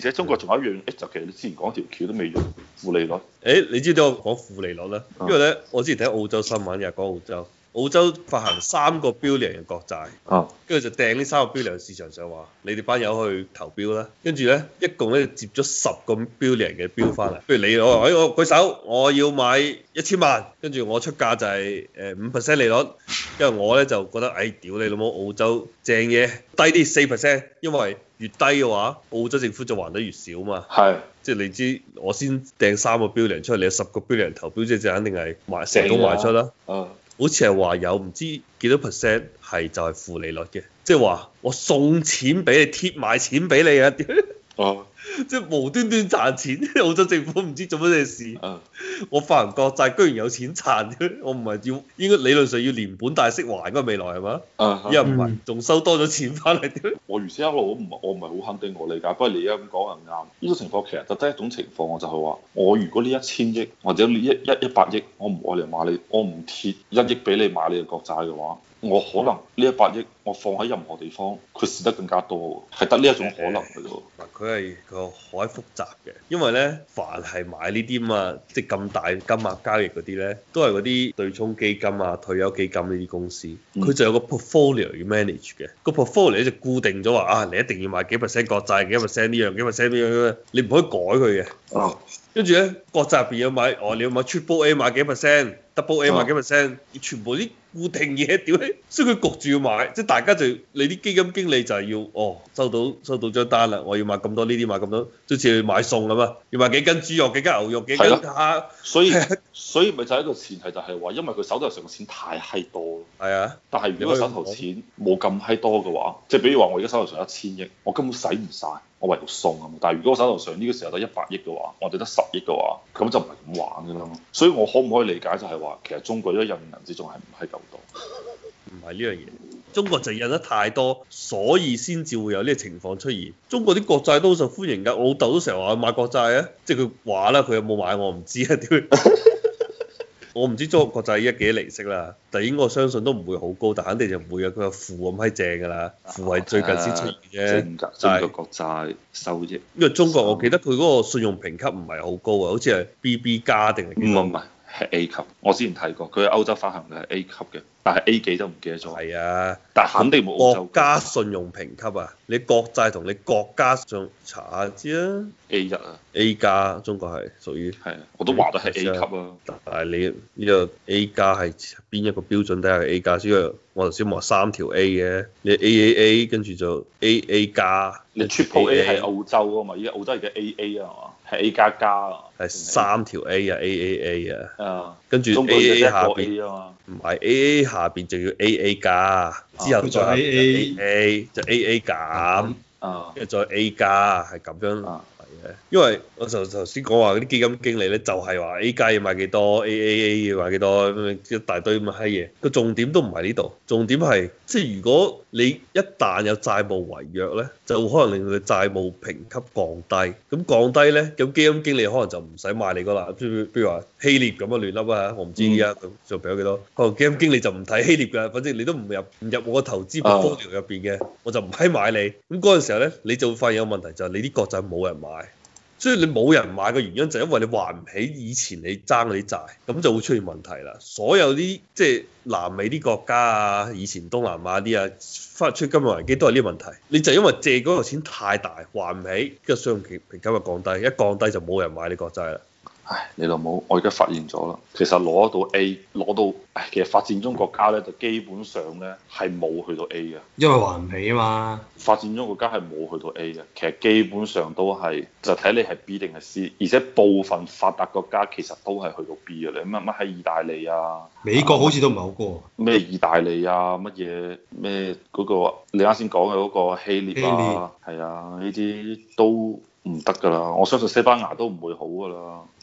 而且中國仲有一樣，就其實你之前講條橋都未用利、哎、負利率。誒，你知唔知我講負利率咧？因為咧，我之前睇澳洲新聞，又係講澳洲，澳洲發行三個 billion 嘅國債，哦、啊，跟住就掟呢三個 billion 市場上話，你哋班友去投標啦。跟住咧，一共咧接咗十個 billion 嘅標翻嚟。嗯、譬如你攞，誒我舉手，我要買一千萬，跟住我出價就係誒五 percent 利率。因為我咧就覺得，哎，屌你老母，澳洲正嘢低啲四 percent，因為。越低嘅話，澳洲政府就還得越少嘛。係的，即係你知，我先掟三個 billion 出嚟，你有十個 billion 投標，即就肯定係賣成功、啊、賣出啦。啊、好似係話有唔知幾多 percent 係就係負利率嘅，即係話我送錢俾你，貼埋錢俾你啊！ 啊。即係無端端賺錢，澳洲政府唔知做乜嘢事。Uh, 我發行國債居然有錢賺，我唔係要應該理論上要連本帶息還嘅未來係嘛？依家唔係，仲、嗯、收多咗錢翻嚟。我如先一路我唔係我唔係好肯定我理解，不過你而家咁講係唔啱。呢個情況其實就得一種情況，我就係、是、話，我如果呢一千億或者呢一一一百億，我唔愛嚟買你，我唔貼一億俾你買你嘅國債嘅話，我可能呢一百億我放喺任何地方，佢蝕得更加多，係得呢一種可能嘅啫。嗱，佢係。個好複雜嘅，因為咧，凡係買呢啲嘛，即係咁大金額交易嗰啲咧，都係嗰啲對沖基金啊、退休基金呢啲公司，佢就有個 portfolio 要 manage 嘅，個 portfolio 就固定咗話啊，你一定要買幾 percent 國債，幾 percent 呢樣，幾 percent 呢樣，你唔可以改佢嘅。哦，跟住咧，國債入邊要買，哦，你要買 Triple A 買幾 percent？Double A 啊幾 percent，全部啲固定嘢屌咧，所以佢焗住要買，即係大家就你啲基金經理就係要哦，收到收到張單啦，我要買咁多呢啲，買咁多，即似去買餸咁嘛，要買幾斤豬肉，幾斤牛肉，幾斤啊，所以 所以咪就係一個前提，就係話，因為佢手頭上嘅錢太閪多咯。係啊，但係如果手頭錢冇咁閪多嘅話，即係比如話我而家手頭上一千億，我根本使唔晒。我唯獨送啊，但係如果我手頭上呢個時候得一百億嘅話，我哋得十億嘅話，咁就唔係咁玩嘅啦。所以，我可唔可以理解就係話，其實中國印銀紙仲係唔係咁多？唔係呢樣嘢，中國就印得太多，所以先至會有呢個情況出現。中國啲國債都好受歡迎嘅，我老豆都成日話買國債啊，即係佢話啦，佢有冇買我唔知啊，點？ 我唔知中國國債依家幾多利息啦，但係應該我相信都唔會好高，但肯定就唔會有佢係負咁閪正㗎啦，負係最近先出現啫。中國國債收啫，因為中國我記得佢嗰個信用評級唔係好高啊，好似係 BB 加定係幾多？嗯係 A 級，我之前睇過，佢喺歐洲發行嘅係 A 級嘅，但係 A 幾都唔記得咗。係啊，但肯定冇。國家信用評級啊，你國際同你國家上查一下知啊。A 一啊，A 加，中國係屬於係、啊，我都話得係 A 級啊。啊但係你呢、呢個 A 加係邊一個標準底下係 A 加？因為我哋先話三條 A 嘅，你 AAA 跟住就 AA 加，AA，你 Triple A 係澳洲啊嘛，而家澳洲係嘅 AA 啊嘛，係 A 加加，係三條 A 啊，AAA 啊，跟住 AA 下邊，唔係 a a, a, a, a AA 下邊就要 AA 加，之後再 AA 就 AA 減。啊啊，即係再 A 加係咁樣，係嘅。因為我頭頭先講話嗰啲基金經理咧，就係話 A 加要買幾多，AAA 要買幾多，咁樣一大堆咁嘅閪嘢。個重點都唔係呢度，重點係即係如果你一旦有債務違約咧，就可能令佢債務評級降低。咁降低咧，咁基金經理可能就唔使買你個啦。譬如譬如話希臘咁啊亂笠啊嚇，我唔知依家仲平咗幾多。可能基金經理就唔睇希臘㗎，反正你都唔入唔入我個投資方條入邊嘅，我就唔閪買你。咁嗰陣時時候咧，你就會發現有問題，就係你啲國債冇人買，所以你冇人買嘅原因就係因為你還唔起以前你爭嗰啲債，咁就會出現問題啦。所有啲即係南美啲國家啊，以前東南亞啲啊，發出金融危機都係呢個問題。你就因為借嗰個錢太大，還唔起，跟住個信用評評級就降低，一降低就冇人買你國債啦。唉，你老母，我而家發現咗啦。其實攞到 A，攞到，唉，其實發展中國家咧就基本上咧係冇去到 A 嘅，因為還唔起啊嘛。發展中國家係冇去到 A 嘅，其實基本上都係就睇你係 B 定係 C，而且部分發達國家其實都係去到 B 嘅。你乜乜喺意大利啊，美國好似都唔係好高啊。咩意大利啊，乜嘢咩嗰個你啱先講嘅嗰個希臘啊，係啊，呢啲都唔得㗎啦。我相信西班牙都唔會好㗎啦。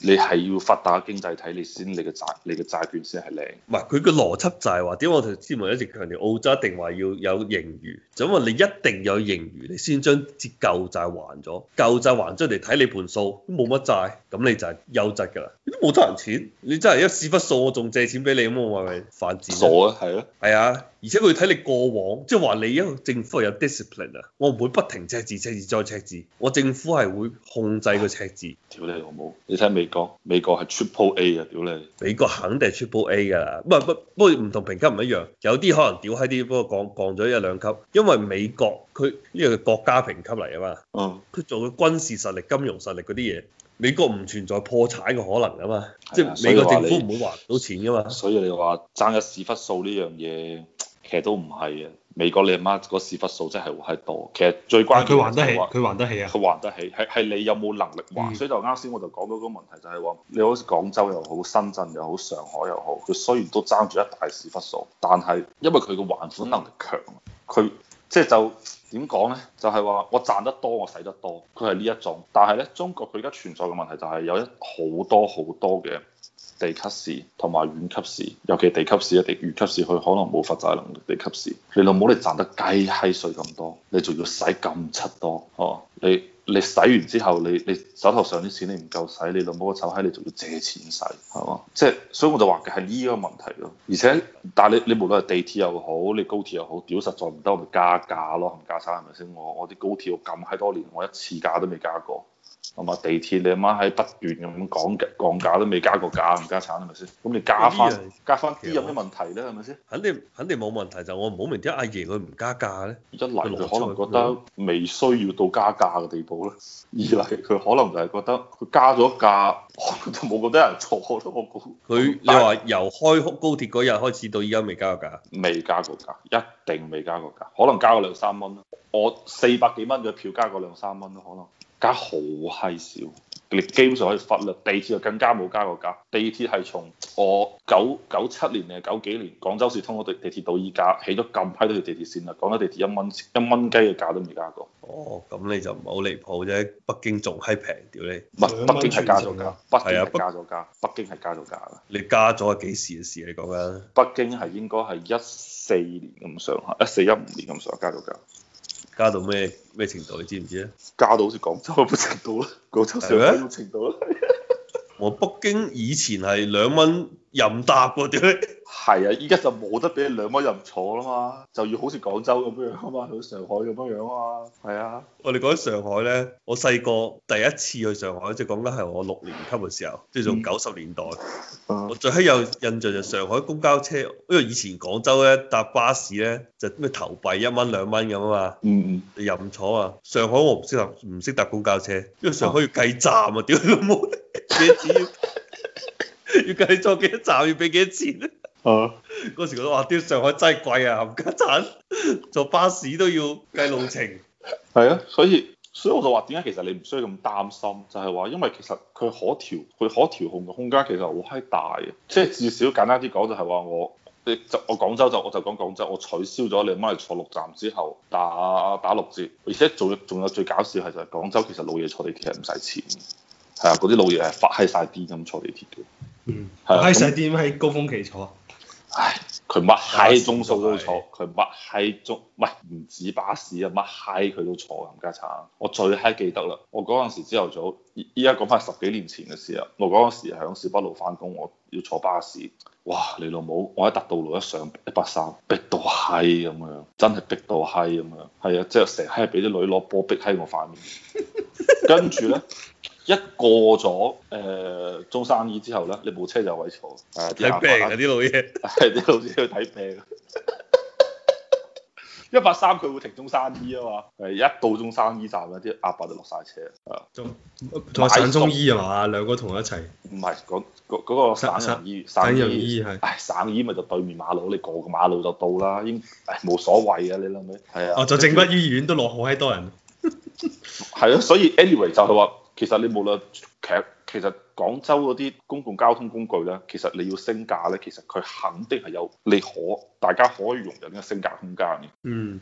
你係要發達經濟體，你先你嘅債，你嘅債券先係靚。唔係佢嘅邏輯就係話點？我頭先咪一直強調澳洲一定話要有盈餘，就因為你一定有盈餘，你先將折舊債還咗，舊債還咗，嚟睇你盤數都冇乜債，咁你就係優質㗎啦。你都冇得人錢，你真係一屎忽數，我仲借錢俾你，咁我咪咪犯賤。傻係咯，係啊，而且佢睇你過往，即係話你一個政府係有 discipline 啊，我唔會不停赤字、赤字再赤字，我政府係會控制個赤字。條脷 好冇，你睇未？美國美國係 Triple A 啊，屌你！美國肯定係 Triple A 噶啦唔不不過唔同評級唔一樣，有啲可能屌閪啲，不過降降咗一兩級，因為美國佢呢個係國家評級嚟啊嘛，哦，佢做嘅軍事實力、金融實力嗰啲嘢，美國唔存在破產嘅可能啊嘛，即係美國政府唔會還到錢噶嘛所，所以你話爭一屎忽數呢樣嘢？其實都唔係嘅，美國你阿媽個屎忽數真係好閪多。其實最關係佢、就是啊、還得起，佢還得起啊，佢還得起。係係你有冇能力還？嗯、哼所以就啱先我就講到個問題就係話，你好似廣州又好，深圳又好，上海又好，佢雖然都爭住一大屎忽數，但係因為佢個還款能力強，佢即係就點、是、講呢？就係、是、話我賺得多我使得多，佢係呢一種。但係呢中國佢而家存在嘅問題就係有一好多好多嘅。地級市同埋縣級市，尤其地級市啊，地縣級市佢可能冇發債能力。地級市，你老母你賺得雞閪碎咁多，你仲要使咁七多哦？你你使完之後，你你手頭上啲錢你唔夠使，你老母個臭閪你仲要借錢使係嘛？即係、就是、所以我就話嘅係呢個問題咯。而且，但係你你無論係地鐵又好，你高鐵又好，屌實在唔得，我咪加價咯，唔加曬係咪先？我我啲高鐵我咁閪多年，我一次價都未加過。同埋地鐵你阿媽喺不斷咁講降價都未加過價，唔加產係咪先？咁你加翻加翻啲有咩問題咧？係咪先？肯定肯定冇問題，就是、我唔好明點阿爺佢唔加價咧。一嚟就可能覺得未需要到加價嘅地步啦。嗯、二嚟佢可能就係覺得佢加咗價都冇咁多人坐咯，我估。佢他是你話由開高鐵嗰日開始到依家未加過價？未加過價，一定未加過價。可能加個兩三蚊咯。我四百幾蚊嘅票加個兩三蚊咯，可能。加好閪少，你基本上可以忽略，地鐵就更加冇加過價。地鐵係從我九九七年定係九幾年，廣州市通咗地地鐵到依家，起咗咁批多條地鐵線啦。廣州地鐵一蚊一蚊雞嘅價都未加過。哦，咁你就唔係好離譜啫。北京仲係平，屌你！唔係是 2 北京係加咗價，係啊，加咗價，北京係加咗價。你北加咗係幾時嘅事？你講緊？北京係、啊、應該係一四年咁上下，一四一五年咁上下加咗價。加到咩咩程度你知唔知啊？加到好似廣州咁嘅程度啦，廣州上嘅程度啦。嗎 我北京以前係兩蚊任搭喎，屌。咧？係啊，依家就冇得俾你兩蚊任坐啦嘛，就要好似廣州咁樣啊嘛，去上海咁樣樣啊嘛，係啊。我哋講上海咧，我細個第一次去上海，即講緊係我六年級嘅時候，即仲九十年代。嗯、我最閪有印象就上海公交車，因為以前廣州咧搭巴士咧就咩、是、投幣一蚊兩蚊咁啊嘛。嗯嗯。任坐啊！上海我唔適合，唔識搭公交車，因為上海要計站啊，屌你老母，幾錢？要計咗幾多站，要俾幾多錢咧？誒嗰、啊、 時我都話啲上海真係貴啊，冚家鏟坐巴士都要計路程，係啊，所以所以我就話點解其實你唔需要咁擔心，就係、是、話因為其實佢可調佢可調控嘅空間其實好閪大嘅，即、就、係、是、至少簡單啲講就係話我，就我，我廣州就我就講廣州，我取消咗你媽咪坐六站之後打打六折，而且仲仲有最搞笑係就係、是、廣州其實老嘢坐地鐵係唔使錢，係啊，嗰啲老嘢係發閪晒癲咁坐地鐵嘅，嗯，閪晒癲喺高峰期坐。唉，佢乜閪鐘數都坐，佢乜閪鐘，唔係唔止巴士啊，乜閪佢都坐冚家鏟。我最閪記得啦，我嗰陣時朝頭早，依家講翻十幾年前嘅事啊。我嗰陣時喺小北路翻工，我要坐巴士，哇！你老母，我喺達道路一上一百三，130，逼到閪咁樣，真係逼到閪咁樣，係啊，即係成日俾啲女攞波逼喺我塊面，跟住咧。一過咗誒中山醫之後咧，你部車就有位坐。睇病啲老嘢，係啲老嘢去睇病。一百三佢會停中山醫啊嘛。係一到中山醫站咧，啲阿伯就落晒車。啊，同同埋省中醫啊嘛，兩個同一齊。唔係嗰個省醫，省醫係。唉，省醫咪就對面馬路，你過個馬路就到啦。應唉冇所謂啊！你諗嘅。係啊。就正骨醫院都落好閪多人。係啊，所以 anyway 就係話。其實你無論其實其實廣州嗰啲公共交通工具咧，其實你要升價咧，其實佢肯定係有你可大家可以容忍嘅升價空間嘅。嗯。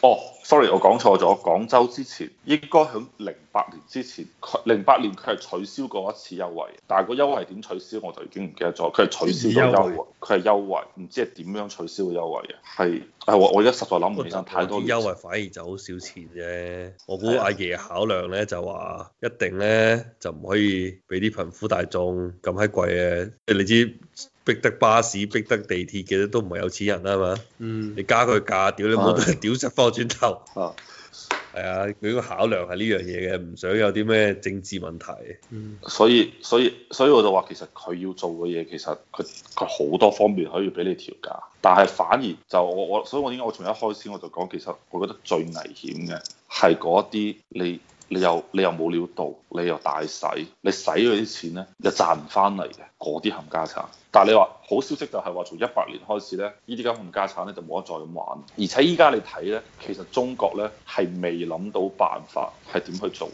哦，sorry，我講錯咗。廣州之前應該喺零八年之前，佢零八年佢係取消過一次優惠，但係個優惠點取消我就已經唔記得咗。佢係取消咗優惠，佢係優惠，唔知係點樣取消嘅優惠嘅。係，係我而家實在諗唔起太多。優惠反而就好少錢啫。我估阿爺考量咧就話，一定咧就唔可以俾啲貧苦大眾咁閪貴啊。你知。逼得巴士、逼得地鐵嘅都唔係有錢人啊嘛。嗯，你加佢價屌你冇得屌十方轉頭，係啊，佢、啊、要、哎、考量係呢樣嘢嘅，唔想有啲咩政治問題。嗯、所以所以所以我就話其實佢要做嘅嘢，其實佢佢好多方面可以俾你調價，但係反而就我我所以我點解我從一開始我就講，其實我覺得最危險嘅係嗰啲你。你又你又冇料到，你又大洗，你洗嗰啲錢咧又賺唔翻嚟嘅嗰啲冚家產。但係你話好消息就係話從一八年開始咧，呢啲咁冚家產咧就冇得再咁玩，而且依家你睇咧，其實中國咧係未諗到辦法係點去做。